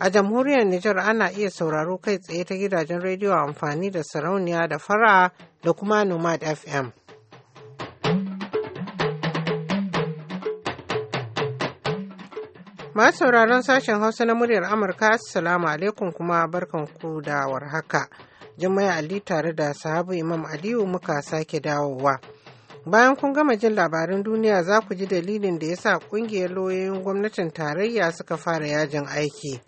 A jamhuriyar Nijar ana iya sauraro kai tsaye ta gidajen rediyo amfani da sarauniya da fara da kuma Nomad FM. Masu sauraron sashen Hausa na muryar Amurka, Assalamu alaikum kuma ku da warhaka. Jummai Ali tare da sahabu Imam Aliyu muka sake dawowa. Bayan kun gama jin labarin duniya za ku ji dalilin da ya sa ƙungiyar lauyoyin gwamnatin tarayya suka fara yajin aiki.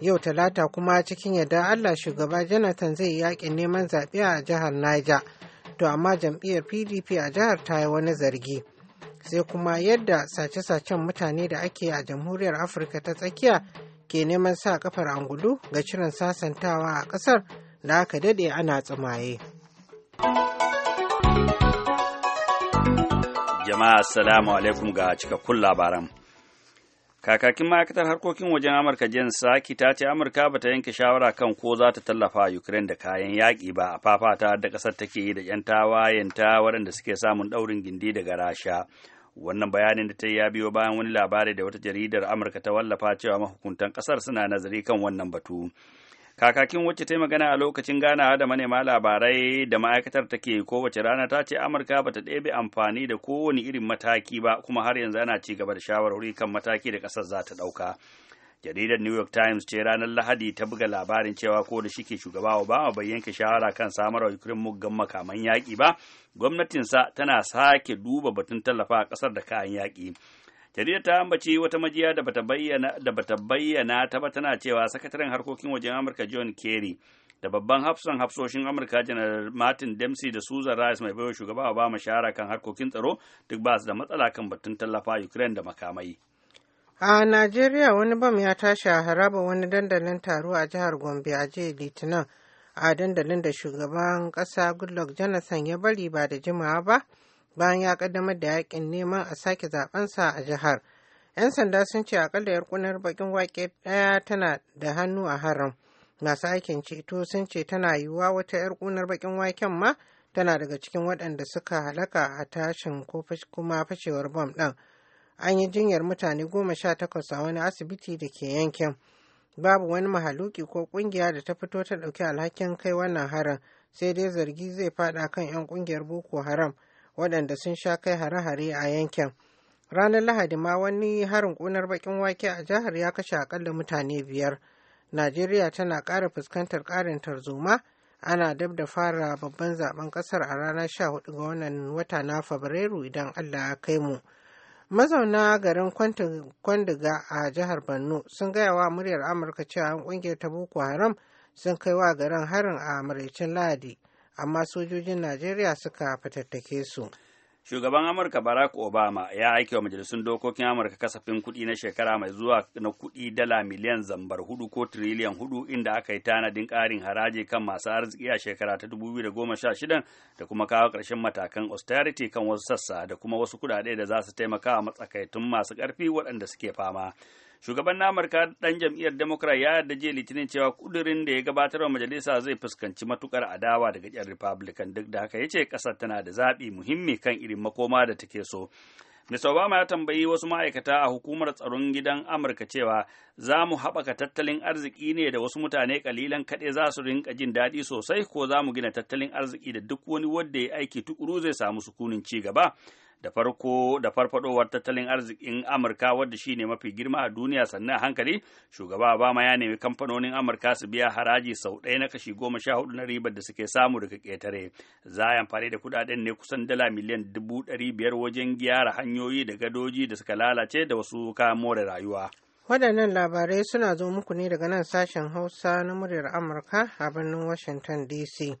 Yau talata kuma cikin yadda Allah shugaba Jonathan zai yi yakin neman zaɓe a jihar Niger. To amma jam'iyyar PDP a jihar ta yi wani zargi. Sai kuma yadda sace-sacen mutane da ake a jamhuriyar Afirka ta tsakiya ke neman sa kafar angulu ga cirin sasantawa a ƙasar da aka daɗe ana tsumaye. Jama'a, Assalamu alaikum ga cikakkun labaran. kakakin ma'aikatar harkokin wajen amurka jen saki ta ce amurka ba ta yanke shawara kan ko za ta tallafa a ukraine da kayan yaƙi ba a fafata da ƙasar take yi da 'yan tawayenta waɗanda suke samun ɗaurin gindi daga rasha wannan bayanin da ta yi ya biyo bayan wani labari da wata jaridar amurka ta wallafa cewa mahukuntan ƙasar suna nazari kan wannan batu kakakin wacce ta yi magana a lokacin ganawa da manema labarai da ma'aikatar take kowace rana ta ce amurka bata ɗebe amfani da kowane irin mataki ba kuma har yanzu ana ci gaba da shawarwari kan mataki da ƙasar za ta ɗauka jaridar new york times ce ranar lahadi ta buga labarin cewa ko da shike shugaba obama bai yanke shawara kan samar wa ukraine muggan makaman yaƙi ba gwamnatinsa tana sake duba batun tallafa a ƙasar da kayan yaƙi jaridar ta ambaci wata majiya da bata bayyana da ta ba tana cewa sakataren harkokin wajen amurka john kerry da babban hafsan hafsoshin amurka janar martin dempsey da susan rice mai baiwa shugaba obama shara kan harkokin tsaro duk ba su da matsala kan batun tallafa ukraine da makamai a najeriya wani bam ya tashi a haraba wani dandalin taro a jihar gombe a jiya litinin a dandalin da shugaban kasa goodluck jonathan ya bari ba da jimawa ba bayan ya kaddamar da yakin neman a sake zabensa a jihar. 'Yan sanda sun ce akalla yarkunar bakin wake ɗaya tana da hannu a haram. Masu aikin ceto sun ce tana yiwuwa wata 'yar yarkunar bakin waken ma tana daga cikin waɗanda suka halaka a tashin ko kuma fashewar bom ɗin. An yi jinyar mutane goma sha takwas a wani asibiti da ke yankin. Babu wani mahaluki ko ƙungiya da ta fito ta ɗauki alhakin kai wannan harin sai dai zargi zai faɗa kan 'yan ƙungiyar Boko Haram. waɗanda sun sha kai hare-hare a yankin. Ranar Lahadi ma wani harin ƙunar baƙin wake a jihar ya kashe akalla mutane biyar. Najeriya tana ƙara fuskantar ƙarin tarzoma ana dab da fara babban zaben ƙasar a ranar 14 ga wannan wata na Fabrairu idan Allah ya kai mu. mazauna garin kwandiga a jihar borno sun gaya wa muryar amurka cewa ƙungiyar ta boko haram sun kai wa garin harin a maraicin lahadi amma sojojin najeriya suka fatattake su shugaban amurka barack obama ya aiki wa majalisun dokokin amurka kasafin kuɗi na shekara mai zuwa na kuɗi dala miliyan zambar hudu ko triliyan hudu inda aka yi tanadin ƙarin haraji kan masu arziki a shekara ta 2016 da kuma kawo ƙarshen matakan austerity kan wasu sassa da kuma wasu kuɗaɗe da za su taimaka a matsakaitun masu karfi waɗanda suke fama shugaban amurka dan jam'iyyar democrat ya yarda jiya litinin cewa kudirin da ya gabatar wa majalisa zai fuskanci matukar adawa daga yan republican duk da haka ya ce kasar tana da zaɓi muhimmi kan irin makoma da take so Mr. Obama ya tambayi wasu ma'aikata a hukumar tsaron gidan Amurka cewa za mu haɓaka tattalin arziki ne da wasu mutane kalilan kaɗai za su rinka jin daɗi sosai ko za mu gina tattalin arziki da duk wani wanda ya aiki tukuru zai samu sukunin ci gaba. da farko da farfadowar tattalin arzikin amurka wadda shi ne mafi girma a duniya sannan a hankali shugaba obama ya nemi kamfanonin amurka su biya haraji sau ɗaya na kashi goma sha hudu na ribar da suke samu daga ƙetare za a amfani da kuɗaɗen ne kusan dala miliyan dubu ɗari biyar wajen gyara hanyoyi da gadoji da suka lalace da wasu kayan more rayuwa waɗannan labarai suna zo muku ne daga nan sashen hausa na muryar amurka a birnin washington dc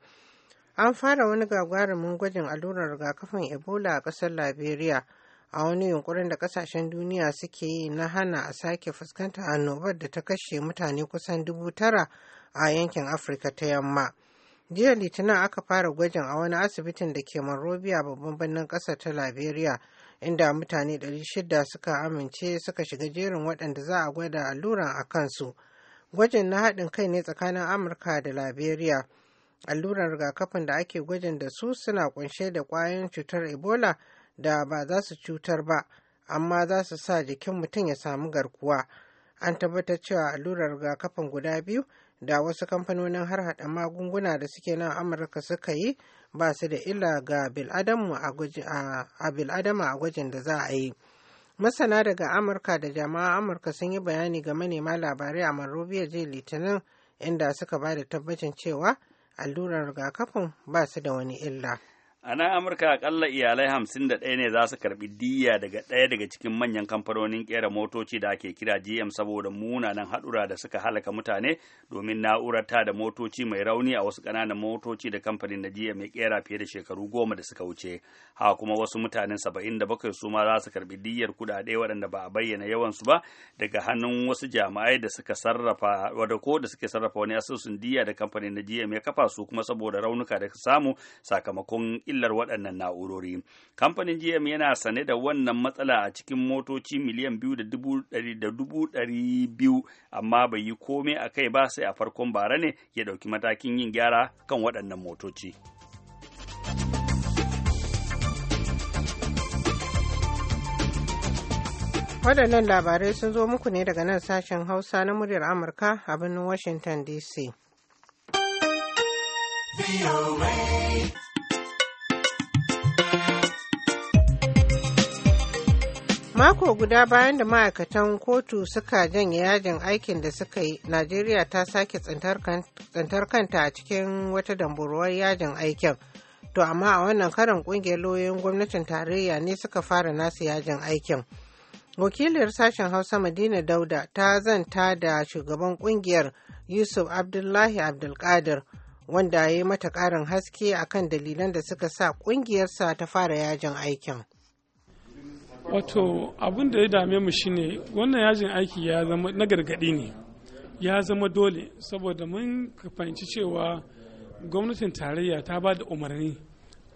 an fara wani gagarumin gwajin allurar rigakafin ebola a ƙasar liberia a wani yunkurin da ƙasashen duniya suke yi na hana a sake fuskanta annobar da ta kashe mutane kusan dubu tara a yankin afirka ta yamma jiya litinin aka fara gwajin a wani asibitin da ke monrovia babban birnin ƙasa ta liberia inda mutane 600 suka amince suka shiga jerin waɗanda za a gwada alluran a kansu gwajin na haɗin kai ne tsakanin amurka da liberia alluran rigakafin da ake gwajin da su suna kunshe da kwayoyin cutar ebola da ba za su cutar ba amma za su sa jikin mutum ya samu garkuwa an tabbatar cewa allurar rigakafin guda biyu da wasu kamfanonin har hada magunguna da suke nan amurka suka yi ba su da illa ga biladama a gwajin da za a yi masana daga amurka da jama'a amurka sun yi bayani ga manema labarai a monrovia jiya litinin inda suka ba da tabbacin cewa allurar rigakafin ba su da wani illa. A nan Amurka akalla iyalai hamsin da ɗaya ne za su karɓi diya daga ɗaya daga cikin manyan kamfanonin ƙera motoci da ake kira GM saboda munanan haɗura da suka halaka mutane domin na'urar ta da motoci mai rauni a wasu ƙananan motoci da kamfanin da GM ya ƙera fiye da shekaru goma da suka wuce. ha kuma wasu mutanen saba'in da bakwai su ma za su karɓi diyar kuɗaɗe waɗanda ba a bayyana yawansu ba daga hannun wasu jami'ai da suka sarrafa wada ko da suke sarrafa wani asusun diya da kamfanin da GM ya kafa su kuma saboda raunuka da samu sakamakon illar waɗannan na'urori. Kamfanin GM yana sane da wannan matsala a cikin motoci miliyan biyu da dubu ɗari biyu amma bai yi komai a kai ba sai a farkon bara ne ya ɗauki matakin yin gyara kan waɗannan motoci. waɗannan labarai sun zo muku ne daga nan sashen hausa na muryar amurka a birnin washington dc Mako guda bayan da ma'aikatan kotu suka janye yajin aikin da suka yi, Najeriya ta sake tsintar kanta a cikin wata damburuwar yajin aikin. To amma a wannan karin kungiyar lauyoyin gwamnatin tarayya ne suka fara nasu yajin aikin. Wakiliyar sashen Hausa Madina Dauda ta zanta da shugaban kungiyar Yusuf Abdullahi Abdulkadir wanda ya yi mata ƙarin haske akan dalilan da suka sa kungiyarsa ta fara yajin aikin. wato abin da ya dame mu shine wannan yajin aiki ya zama na gargadi ne ya zama dole saboda mun fahimci cewa gwamnatin tarayya ta ba da umarni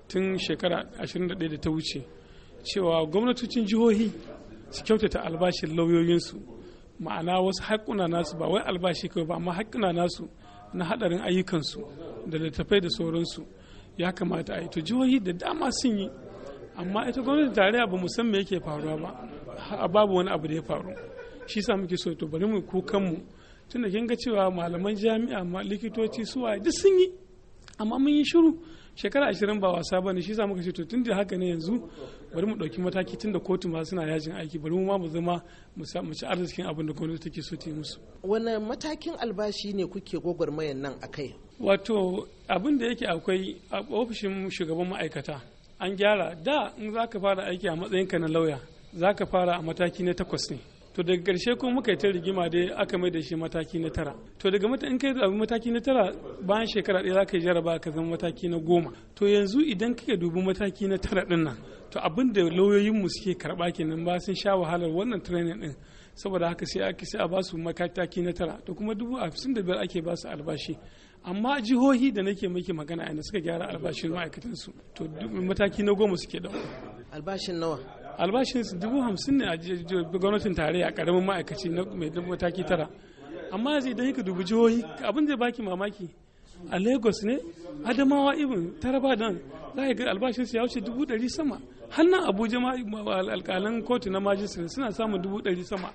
tun shekara 21 da ta wuce cewa gwamnatocin jihohi su kyautata albashin lauyoyinsu ma'ana wasu haƙuna nasu ba wai albashi kawai ba amma haƙuna nasu na haɗarin ayyukansu da littattafai da sauransu ya kamata a yi to jihohi da dama sun yi amma ita gwamnati tarayya ba mu me yake faruwa ba a babu wani abu da ya faru shi sa muke so to bari mu kukan mu tun da ga cewa malaman jami'a ma likitoci suwa duk sun yi amma mun yi shiru shekara ashirin ba wasa ba ne shi sa muka ce to tun da haka ne yanzu bari mu ɗauki mataki tun da kotu ma suna yajin aiki bari mu ma mu zama mu ci arzikin abin da gwamnati take so ta yi musu wani matakin albashi ne kuke gwagwarmayan nan akai wato abin da yake akwai a ofishin shugaban ma'aikata an gyara da in za ka fara aiki a matsayinka na lauya za ka fara a mataki na takwas ne to daga karshe kuma muka yi ta rigima dai aka mai da shi mataki na tara to daga mata in kai yi mataki na tara bayan shekara ɗaya za ka yi jaraba ka zama mataki na goma to yanzu idan ka dubi mataki na tara ɗin nan to abin da lauyoyinmu suke karɓa kenan ba sun sha wahalar wannan training ɗin saboda haka sai a basu mataki na tara to kuma dubu a da biyar ake basu albashi amma jihohi da nake maki magana a suka gyara albashin ma'aikatansu to mataki na goma suke da albashin nawa albashin su dubu hamsin ne a gwamnatin tarayya karamin ma'aikaci na mai mataki tara amma yanzu idan ka dubi jihohi abin zai baki mamaki a lagos ne adamawa ibin taraba dan za ga albashin su ya wuce dubu dari sama hannun abuja alƙalan kotu na majistar suna samun dubu dari sama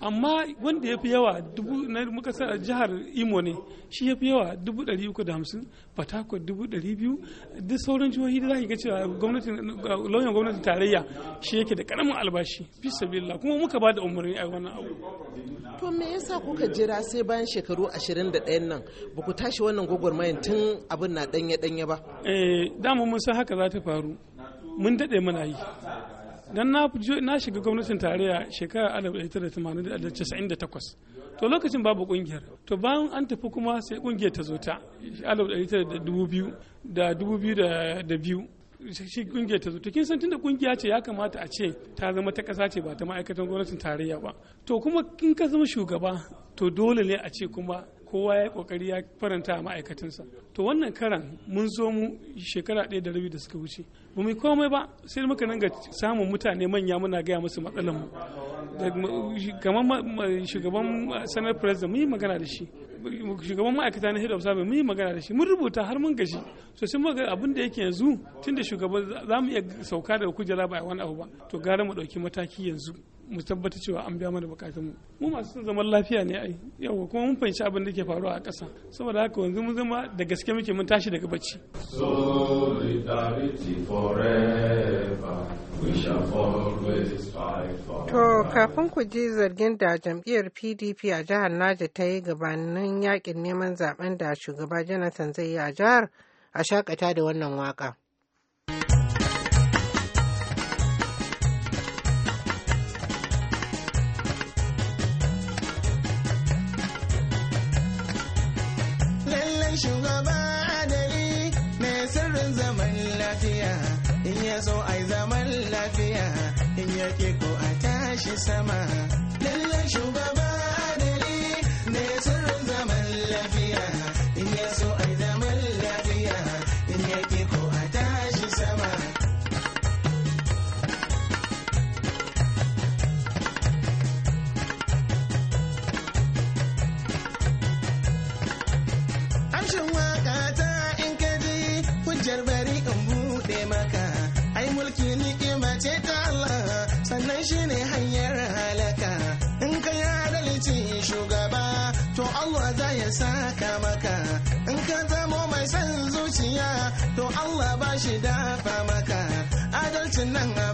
amma wanda ya fi yawa dubu na muka sa a jihar imo ne shi ya fi yawa dubu ɗari uku da hamsin fatako dubu ɗari biyu duk sauran jihohi da za ka ga cewa gwamnatin lauyan gwamnatin tarayya shi yake da karamin albashi fi sabila kuma muka ba da umarni a wannan abu. to me yasa kuka jira sai bayan shekaru ashirin da ɗayan nan ba ku tashi wannan gwagwarmayan tun abin na ɗanye-ɗanye ba. eh dama mun san haka za ta faru mun daɗe mana yi dan na na shiga gwamnatin tarayya shekarar 1998 to lokacin babu kungiyar to bayan an tafi kuma sai kungiyar ta zo ta 1902 da 2002 shi kungiyar ta zo to kin san tunda kungiya ce ya kamata a ce ta zama ta kasa ce ba ta ma'aikatan gwamnatin tarayya ba to kuma kin ka zama shugaba to dole ne a ce kuma kowa ya yi kokari ya faranta a ma'aikatansa to wannan karan mun zo mu shekara ɗaya da rabi da suka wuce ba mu komai ba sai muka nan ga samun mutane manya muna gaya musu matsalar mu kamar shugaban sanar president mun yi magana da shi shugaban ma'aikata na head of mu yi magana da shi mun rubuta har mun gashi so sai muka abin da yake yanzu tunda shugaban za mu iya sauka daga kujera ba a wani abu ba to gara mu ɗauki mataki yanzu mu tabbata cewa an biya mana bukatun mu mu masu son zaman lafiya ne ai yawa kuma mun fahimci abin da ke faruwa a ƙasa saboda haka yanzu mun zama da gaske muke mun tashi daga bacci to kafin ku ji zargin da jam'iyyar PDP a jihar Naja ta yi gabanin yakin neman zaben da shugaba Jonathan zai yi a jihar a shakata da wannan waka semana. nan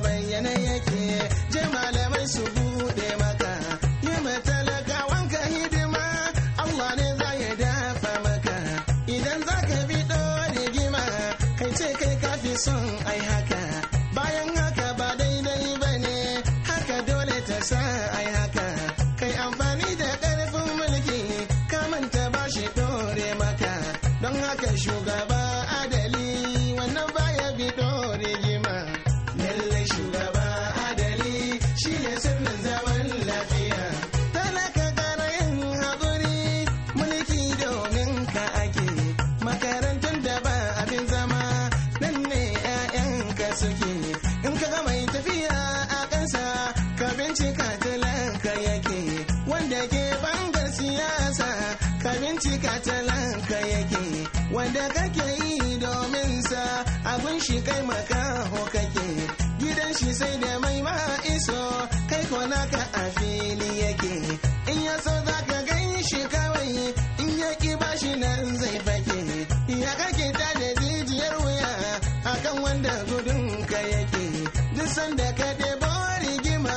duk da ka ɗebo rigima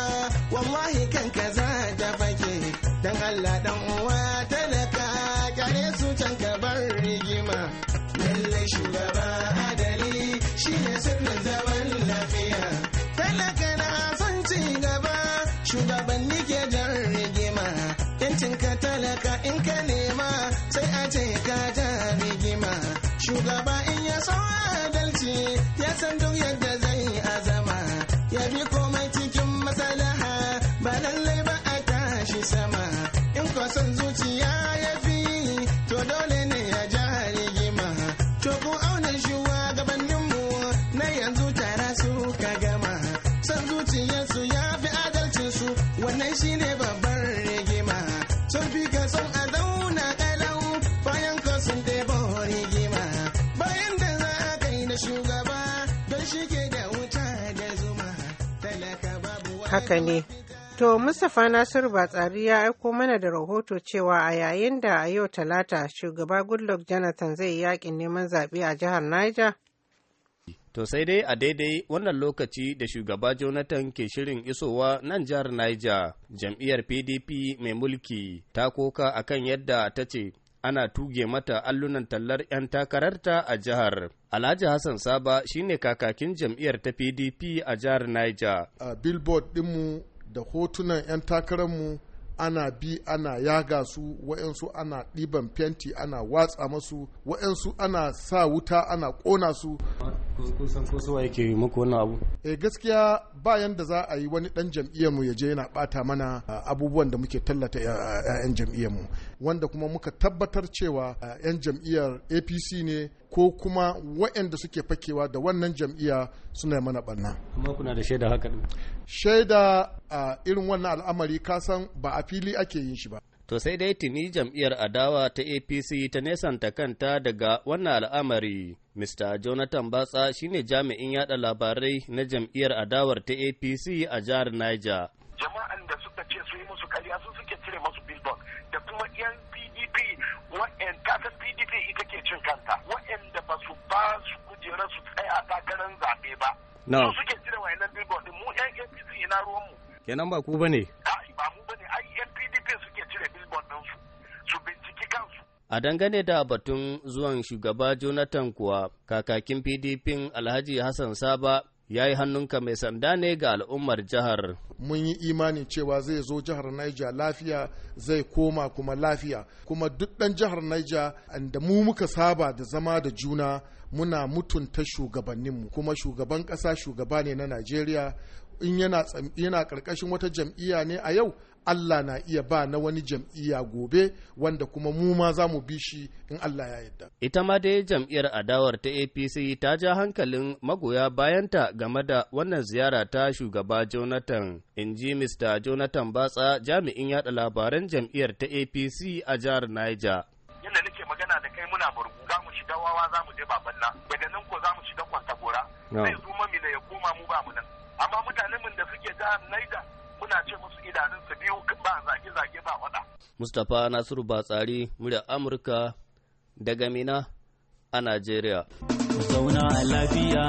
wallahi kan ka za ta fake dan Allah dan uwa talaka kyale su can ka bar rigima lallai shugaba adali shine sirrin zaman lafiya talaka na son ci gaba shugabanni ke jan rigima yancin ka talaka in ka nema sai a ce ka ja rigima shugaba in ya so Haka ne. To, Mustapha Nasiru Batsari ya aiko mana da rahoto cewa a yayin da a yau Talata shugaba Goodluck Jonathan zai yi yakin neman zaɓe a jihar Niger. To sai dai a daidai wannan lokaci da shugaba Jonathan ke shirin isowa nan jihar Niger, jam'iyyar PDP mai mulki ta koka akan yadda ta ce ana tuge mata allunan tallar 'yan takararta a jihar. Alhaji Hassan Saba shine kakakin jam'iyyar ta PDP a jihar Niger. A billboard ɗinmu da hotunan 'yan takararmu ana bi ana yaga su wa'yansu ana ɗiban fenti ana watsa masu wa'yansu ana sa wuta ana ƙona su e ko yake muku wannan abu eh gaskiya bayan da za a yi wani ɗan jam'iyyar mu ya je yana bata mana abubuwan da muke tallata yayan jam'iyyar mu wanda kuma muka tabbatar cewa yan jam'iyyar APC ne ko kuma waɗanda suke fakewa da wannan jam'iyya suna mana ɓanna. amma kuna da shaida haka shaida irin wannan al'amari kasan ba a fili ake yin shi ba. To sai dai tuni jam'iyyar adawa ta APC ta nesanta kanta daga wannan al'amari. Mr. Jonathan Batsa shine jami'in yada labarai na jam'iyyar adawar ta APC a jihar Niger. Jama'an da suka ce su yi musu karya sun suke cire masu billboard da kuma 'yan PDP wa'en kasan PDP ita ke cin kanta wa'yanda ba su ba su kujera su tsaya takarar zaɓe ba. No. Su suke cire wa'yan billboard mu 'yan APC ina ruwanmu. Kenan ba ku ba ne? A dangane da batun zuwan shugaba Jonathan kuwa, kakakin PDP Alhaji Hassan Saba ya yi hannunka mai sanda ne ga al'ummar jihar. Mun yi imanin cewa zai zo jihar Niger lafiya zai koma kuma lafiya, kuma duk ɗan jihar Niger da mu muka saba da zama da juna muna mutunta shugabanninmu kuma shugaban ƙasa shugaba ne na Najeriya in yana ƙarƙashin wata jam'iyya ne a yau Allah na iya ba na wani jam'iyya gobe wanda kuma mu ma za mu bi shi in Allah ya yarda. Ita ma dai jam'iyyar adawar ta APC ta ja hankalin magoya bayanta game da wannan ziyara ta shugaba Jonathan. In ji Mr. Jonathan Batsa jami'in yada labaran jam'iyyar ta APC a jihar Niger. Yadda nake magana da kai muna burgu za mu shiga wawa za mu je babanna, Bada nan ko za mu shiga gora. Zai zuma mu ya koma mu ba mu nan. Amma mutanen da suke jihar Niger muna ce musu su biyu ba zage-zage ba wada. Mustapha Nasiru Batsari, murya Amurka daga Mina a Najeriya. Zauna a lafiya,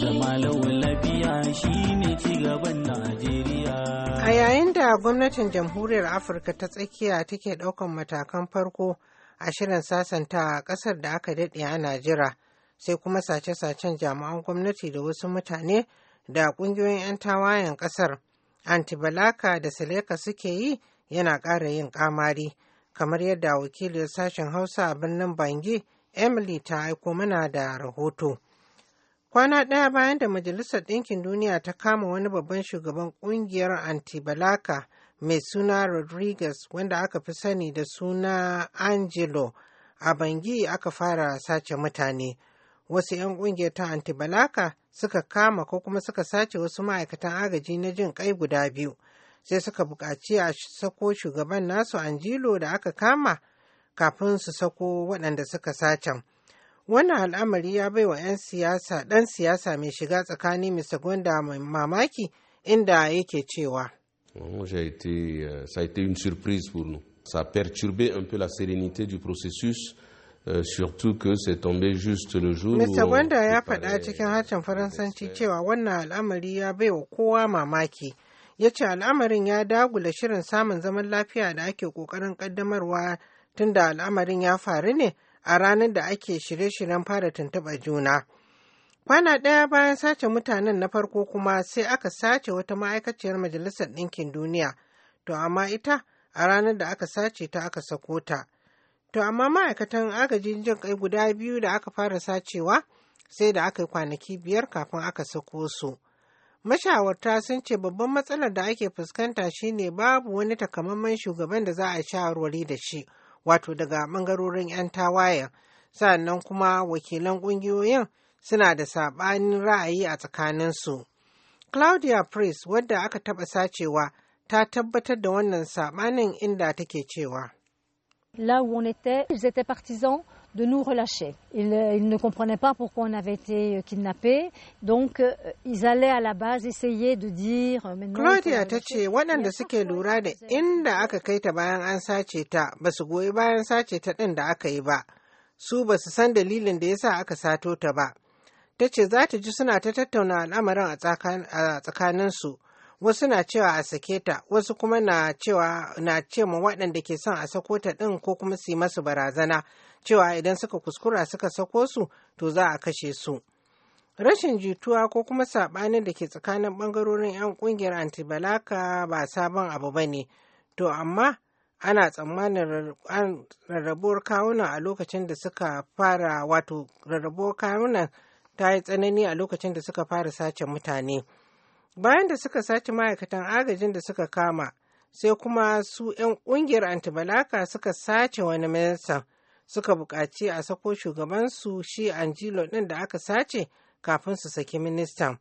zama lafiya shi ne cigaban Najeriya. A yayin da gwamnatin Jamhuriyar Afirka ta tsakiya take ɗaukan matakan farko a shirin sasanta a ƙasar da aka daɗe a Najeriya, sai kuma sace-sacen jami'an gwamnati da wasu mutane da ƙungiyoyin 'yan tawayen ƙasar. antibalaka da seleka suke yi yana ƙara yin ƙamari kamar yadda wakilin sashen hausa a birnin bangi emily ta aiko mana da rahoto kwana ɗaya bayan da majalisar ɗinkin duniya ta kama wani babban shugaban ƙungiyar antibalaka mai suna rodriguez wanda aka fi sani da suna angelo a bangi aka fara sace mutane wasu 'yan ƙungiyar ta antibalaka suka kama ko kuma suka sace wasu ma'aikatan agaji na jin kai guda biyu sai suka buƙaci a sako shugaban nasu anjilo da aka kama kafin su sako waɗanda suka sacen wannan al'amari ya bai wa 'yan siyasa ɗan siyasa mai shiga tsakani mr gwanda mai mamaki inda yake cewa euh, Ça a été une surprise pour nous. Ça a perturbé un peu la sérénité du processus. Euh, surtout que c'est tombé juste le jour Mr. Gwanda ya faɗa cikin harshen Faransanci cewa wannan al'amari ya bai wa kowa mamaki. Ya ce al'amarin ya dagula shirin samun zaman lafiya da ake ƙoƙarin ƙaddamarwa tunda al'amarin ya faru ne a ranar da ake shirye-shiryen fara tuntuɓa juna. Kwana ɗaya bayan sace mutanen na farko kuma sai aka sace wata ma'aikaciyar Majalisar Ɗinkin Duniya, to amma ita a ranar da aka sace ta aka sako ta. To amma ma'aikatan agajin jin kai guda biyu da aka fara sacewa sai da aka yi kwanaki biyar kafin aka sako su. Mashawarta sun ce babban matsalar da ake fuskanta shine babu wani takamaiman shugaban da za a shawarwari da shi, wato daga bangarorin 'yan tawayen. Sannan kuma wakilan ƙungiyoyin suna da saɓanin ra'ayi a tsakaninsu. Claudia Priest, wadda aka taɓa sacewa, ta tabbatar da wannan saɓanin inda take cewa. Là où on était, ils étaient partisans de nous relâcher. Ils, euh, ils ne comprenaient pas pourquoi on avait été euh, kidnappés, donc euh, ils allaient à la base essayer de dire... Claudia ta ce waɗanda suke lura da inda aka kai ta bayan an sace ta ba su goyi bayan sace ta ɗin da aka yi ba, su ba su san dalilin da yasa aka sato ta ba. Ta ce za ta ji suna ta tattauna al'amarin a tsakaninsu. wasu na cewa a sake ta wasu kuma na cewa na ce ma waɗanda ke son a sako ta ɗin ko kuma su yi masu barazana cewa idan suka kuskura suka sako su to za a kashe su rashin jituwa ko kuma saɓanin da ke tsakanin ɓangarorin 'yan ƙungiyar antibalaka ba sabon abu ba ne to amma ana tsammanin rarrabuwar kawuna a lokacin da suka fara wato rarrabuwar kawunan ta yi tsanani a lokacin da suka fara sace mutane. bayan da suka sace ma'aikatan agajin da suka kama sai kuma su 'yan kungiyar antibalaka suka sace wani ministan suka buƙaci a sako shugabansu shi jilo ɗin da aka sace kafin su saki ministan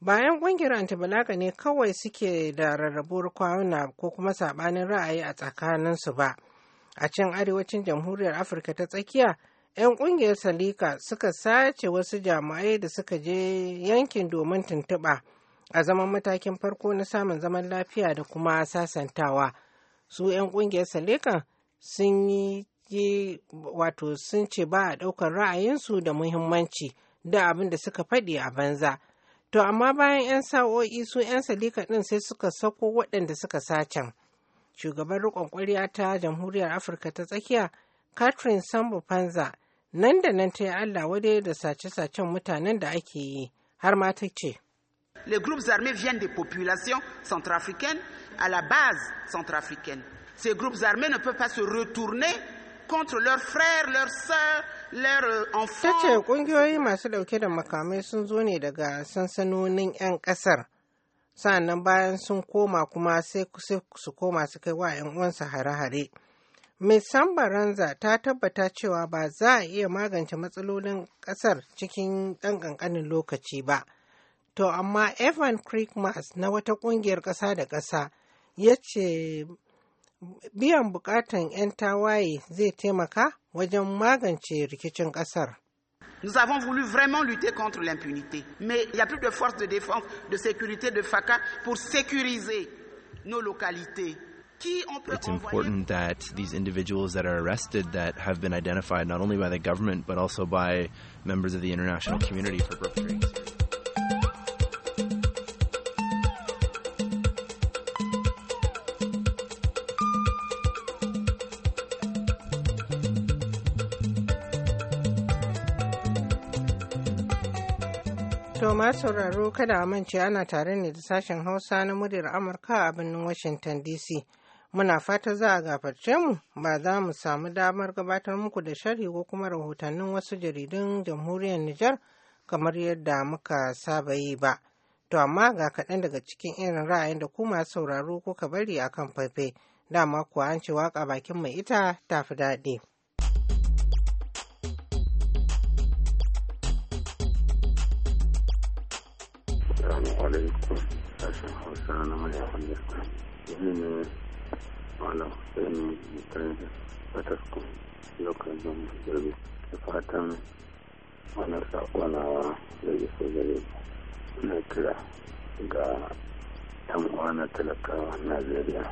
bayan kungiyar antibalaka ne kawai suke da rarrabuwar kwana ko kuma saɓanin ra'ayi a tsakaninsu ba a can arewacin jamhuriyar afirka ta tsakiya 'yan kungiyar salika suka sace wasu jami'ai da suka je yankin domin tuntuɓa a zaman matakin farko na samun zaman lafiya da kuma sasantawa su 'yan kungiyar salekan sun yi wato sun ce ba a ɗaukar ra'ayinsu da muhimmanci da abin da suka faɗi a banza to amma bayan 'yan sa'o'i su 'yan salika ɗin sai suka sako waɗanda suka sace. shugaban riƙon ƙwarya ta jamhuriyar afirka ta tsakiya catherine sambo panza nan da nan ta yi allah wadai da sace-sacen mutanen da ake yi har ma ta ce Les groupes armés viennent des populations centrafricaines, à la base centrafricaine. Ces groupes armés ne peuvent pas se retourner contre leurs frères, leurs sœurs, leurs enfants. To amma Evan Kriegmas na wata ƙungiyar ƙasa da ƙasa ya ce biyan bukatan 'yan tawaye zai taimaka wajen magance rikicin ƙasar. Nous avons voulu vraiment lutter contre l'impunité, mais il n'y a plus de force de défense, de sécurité, de FACA pour sécuriser nos localités. It's important that these individuals that are arrested that have been identified not only by the government but also by members of the international community for perpetrators. sauraro kada a mance ana tare ne da sashen Hausa na muryar Amurka a birnin Washington DC. Muna fata za a gafarce mu ba za mu samu damar gabatar muku da sharhi ko kuma rahotannin wasu jaridun jamhuriyar Nijar kamar yadda muka saba yi ba. To amma ga kaɗan daga cikin irin ra'ayin da ku masu sauraro kuka bari akan faifai. Dama kuwa an ce waka bakin mai ita ta fi daɗi. alaikum sashen hausa na murya amurka yanzu ne malam hussein mutane fataskun lokal don jirgi da fatan wani sako na da ya so gare na kira ga yan uwa talakawa najeriya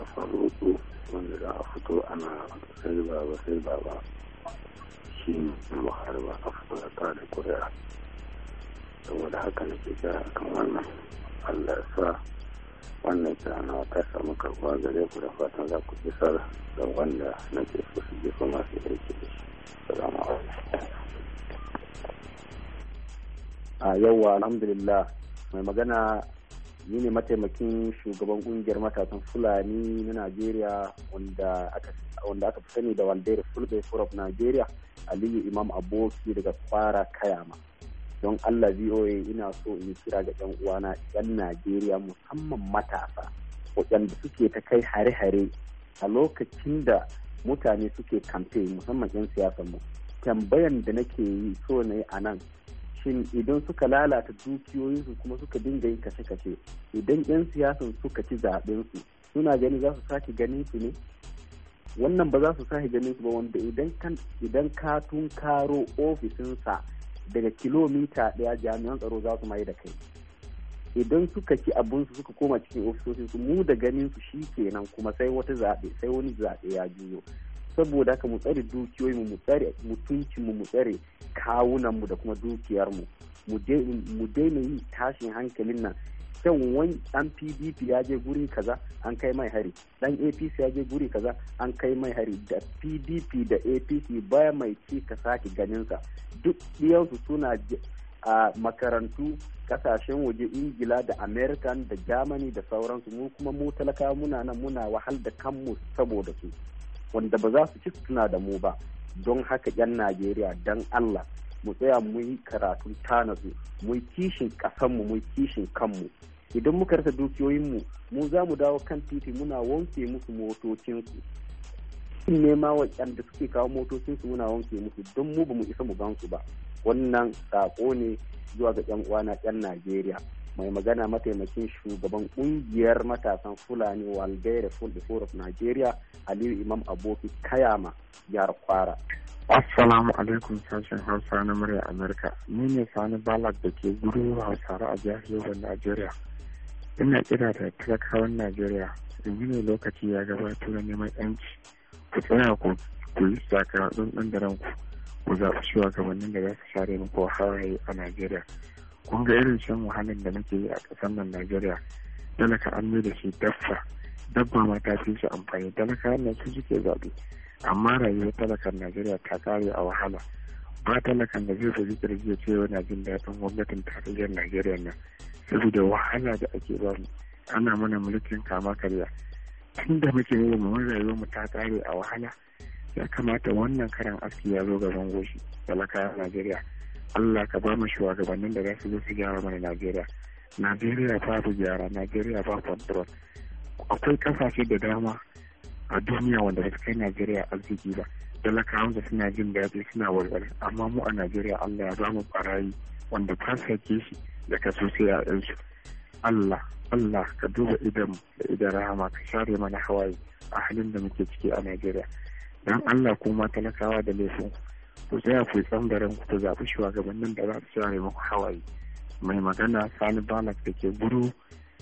a faruɗu wanda za a fito ana sai baba sai baba shi ne ba a fito da ƙuri'a saboda haka na ke kira akan wannan allah sa wannan kiranawa ta samu karbuwa gare ku da fatan za ku isar da wanda na ke so su ji kuma su aiki da shi salamu alaikum a yauwa alhamdulillah mai magana ni ne mataimakin shugaban kungiyar matasan fulani na najeriya wanda aka fi sani da waldere fulbe of najeriya aliyu imam aboki daga kwara kayama don allah voa ina so in kira ga yan uwana yan najeriya musamman matasa waɗanda suke ta kai hare-hare a lokacin da mutane suke kamfe musamman 'yan mu tambayan da nake yi so na yi a nan shin idan suka lalata dukiyoyinsu kuma suka dinga yin kashe-kashe idan 'yan siyasan suka ci zaɓensu suna gani za su sake ganin su ne wannan ba za su sake ganin su ba wanda idan ka tunkaro ofisinsa daga kilomita ɗaya jami'an tsaro za su mai da kai idan suka ci su suka koma cikin su mu da ganin su shi kenan kuma sai wata zaɓe sai wani zaɓe ya juyo saboda haka mu tsare dukiyoyi mu tsare mutuncinmu mu tsare kawunan mu da kuma dukiyar mu mu daina yi tashin hankalin nan yau wani dan pdp ya je guri kaza an kai mai hari dan apc ya je guri kaza an kai mai hari da pdp da apc baya mai ci ka ganin sa duk su suna a makarantu kasashen waje ingila da american da germany da sauransu mu kuma mu talaka muna nan muna wahal da kanmu saboda su wanda ba za su ci suna da mu ba don haka 'yan najeriya dan allah mu tsaya mu yi karatun tanazu mu yi kishin kasanmu mu yi kishin kanmu idan muka rasa dukiyoyinmu mu za mu dawo kan titi muna wanke musu motocinsu in nema waɗanda suke kawo motocinsu muna wanke musu don mu ba mu isa mu gansu ba wannan saƙo ne zuwa ga 'yan uwana 'yan najeriya mai magana mataimakin shugaban kungiyar matasan fulani walgai da fulbe of nigeria aliyu imam aboki kayama gyara kwara assalamu alaikum sashen hausa na murya amurka ni ne sani balak da ke guri hausare a jihar yobe nigeria ina kira da talakawan najeriya yanzu ne lokaci ya gabato da neman yanci ku tsaya ku ku yi sakamakon ɗan daren ku ku zaɓi shugabannin da za su share muku hawaye a najeriya kun ga irin shan wahalar da nake yi a ƙasar nan najeriya talaka an mai da shi dabba dabba ma ta fi shi amfani talaka nan su suke zaɓe amma rayuwar talakan najeriya ta ƙare a wahala ba talakan da zai sabi kirji ce da jin daɗin gwamnatin tarayyar najeriya nan saboda wahala da ake ba mu ana mana mulkin kama karya tun muke yi mu rayuwar mu ta ƙare a wahala ya kamata wannan karan aski ya zo ga goshi talaka najeriya Allah ka ba mu shugabannin da za su zo su gyara mana Najeriya. Najeriya babu gyara, Najeriya ba control. Akwai kasashe da dama a duniya wanda ba su kai Najeriya arziki ba. Talakawan da suna jin daɗi suna walwala, amma mu a Najeriya Allah ya ba mu barayi wanda ta sake shi da kaso sai a ɗansu. Allah, Allah ka duba idan da idan rahama ka share mana hawaye a halin da muke ciki a Najeriya. Dan Allah kuma talakawa da laifin ku tsaya ku tsangaren ku ta zaɓi shugabannin da za su share maku hawaye mai magana sani balak da ke buru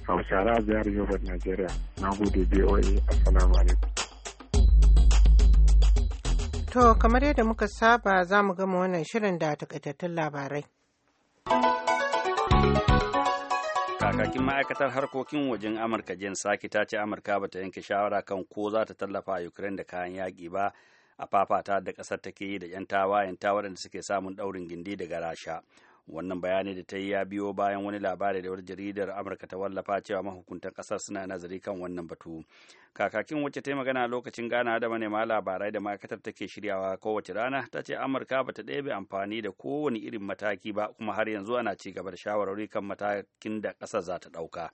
a jihar yobar najeriya na gode boa assalamu alaikum to kamar yadda muka saba za mu gama wannan shirin da takaitattun labarai kakakin ma'aikatar harkokin wajen amurka jen saki ta ce amurka ba ta yanke shawara kan ko za ta tallafa ukraine da kayan yaƙi ba a fafata da ƙasar take yi da 'yan tawayen ta waɗanda suke samun ɗaurin gindi daga rasha wannan bayani da ta yi ya biyo bayan wani labari da wata jaridar amurka ta wallafa cewa mahukuntan kasar suna nazari kan wannan batu kakakin wacce ta yi magana lokacin gana da manema labarai da ma'aikatar take shiryawa kowace rana ta ce amurka bata ɗebe amfani da kowane irin mataki ba kuma har yanzu ana ci gaba da shawarwari kan matakin da ƙasar za ta ɗauka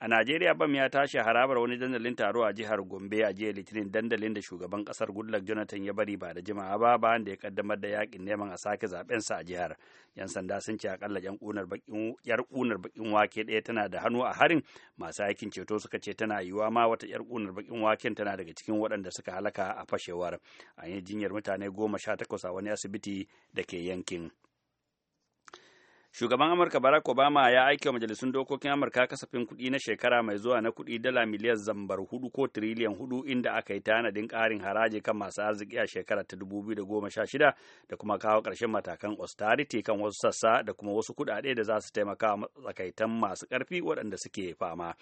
a najeriya bam ya tashi harabar wani dandalin taro a jihar gombe a jiya litinin dandalin da shugaban kasar goodluck jonathan ya bari ba da jimawa ba bayan da ya kaddamar da yakin neman a sake zabensa a jihar yan sanda sun ce akalla yan kunar bakin yar kunar bakin wake ɗaya tana da hannu a harin masu aikin ceto suka ce tana yiwa ma wata yar kunar bakin waken tana daga cikin waɗanda suka halaka a fashewar an yi jinyar mutane goma sha takwas a wani asibiti da ke yankin Shugaban Amurka Barack Obama ya aike majalisun dokokin Amurka kasafin kuɗi na shekara mai zuwa na kuɗi dala miliyan zambar hudu ko tiriliyan hudu inda aka yi tanadin ƙarin haraji kan masu arziki a shekara ta 2016 da kuma kawo ƙarshen matakan austerity kan wasu sassa da kuma wasu kuɗaɗe da za su taimaka matsakaitan masu ƙarfi waɗanda suke fama.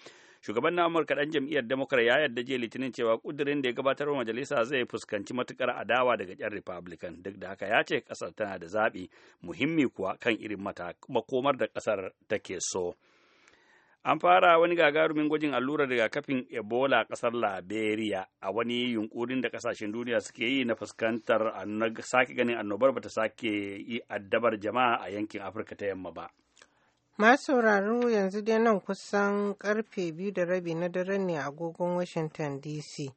shugaban na amurka dan jam'iyyar democrat ya yarda jiya litinin cewa kudirin da ya gabatar wa majalisa zai fuskanci matukar adawa daga yan republican duk da haka ya ce kasar tana da zaɓi muhimmi kuwa kan irin makomar da kasar take so an fara wani gagarumin gwajin allurar rigakafin ebola kasar liberia a wani yunkurin da kasashen duniya suke yi na fuskantar sake ganin annobar bata sake yi addabar jama'a a yankin afirka ta yamma ba Masu sauraro yanzu dai nan kusan karfe biyu da rabi na daren ne a agogon Washington DC.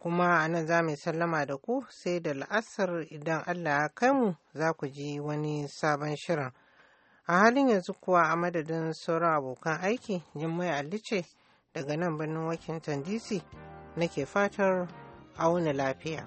Kuma a nan za mu sallama da ku sai da la'asar idan Allah ya kai mu za ku ji wani sabon shirin. A halin yanzu kuwa a madadin sauran abokan aiki, Jummai Alice daga nan birnin Washington DC nake fatar auna lafiya.